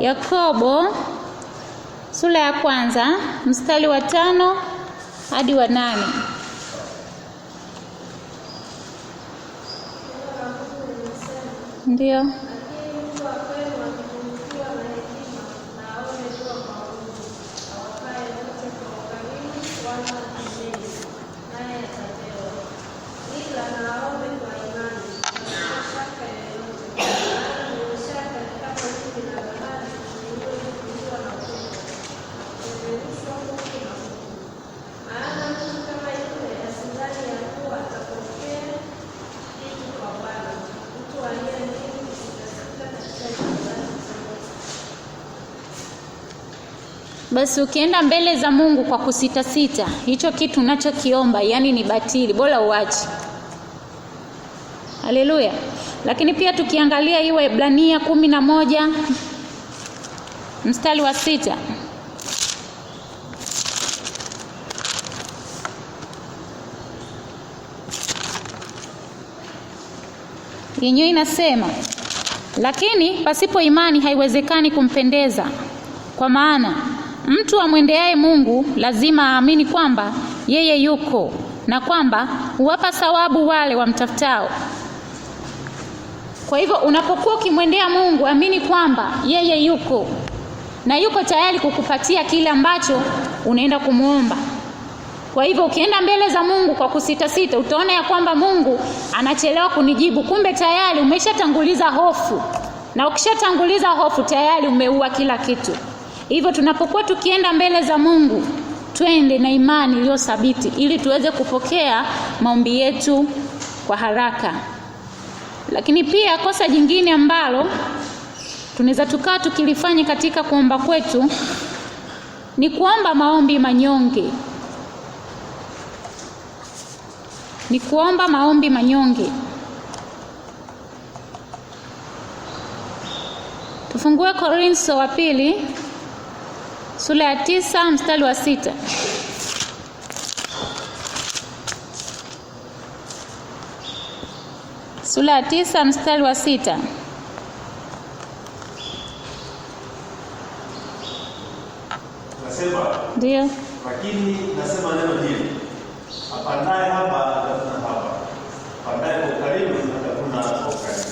Yakobo sura ya kwanza mstari wa tano hadi wa nane. Ndio. Basi ukienda mbele za Mungu kwa kusitasita, hicho kitu unachokiomba yani ni batili, bora uache. Haleluya! Lakini pia tukiangalia hiyo Ibrania kumi na moja mstari wa sita yenyewe inasema, lakini pasipo imani haiwezekani kumpendeza, kwa maana Mtu amwendeaye Mungu lazima aamini kwamba yeye yuko na kwamba huwapa thawabu wale wamtafutao. Kwa hivyo unapokuwa ukimwendea Mungu, amini kwamba yeye yuko na yuko tayari kukupatia kile ambacho unaenda kumwomba. Kwa hivyo ukienda mbele za Mungu kwa kusitasita, utaona ya kwamba Mungu anachelewa kunijibu, kumbe tayari umeshatanguliza hofu, na ukishatanguliza hofu tayari umeua kila kitu. Hivyo tunapokuwa tukienda mbele za Mungu, twende na imani iliyo thabiti, ili tuweze kupokea maombi yetu kwa haraka. Lakini pia kosa jingine ambalo tunaweza tukaa tukilifanya katika kuomba kwetu ni kuomba maombi manyonge, ni kuomba maombi manyonge. Tufungue Korintho wa pili sura ya tisa mstari wa sita sura ya tisa mstari wa sita nasema ndio lakini nasema neno hili apandaye hapa atavuna hapa apandaye kwa ukarimu atavuna kwa ukarimu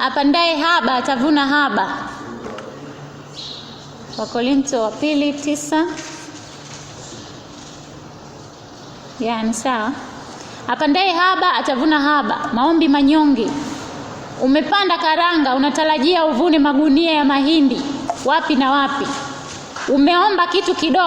apandaye haba atavuna haba Wakorintho wa pili tisa yaani sawa. Apandaye haba atavuna haba. Maombi manyonge. Umepanda karanga, unatarajia uvune magunia ya mahindi. Wapi na wapi! Umeomba kitu kidogo.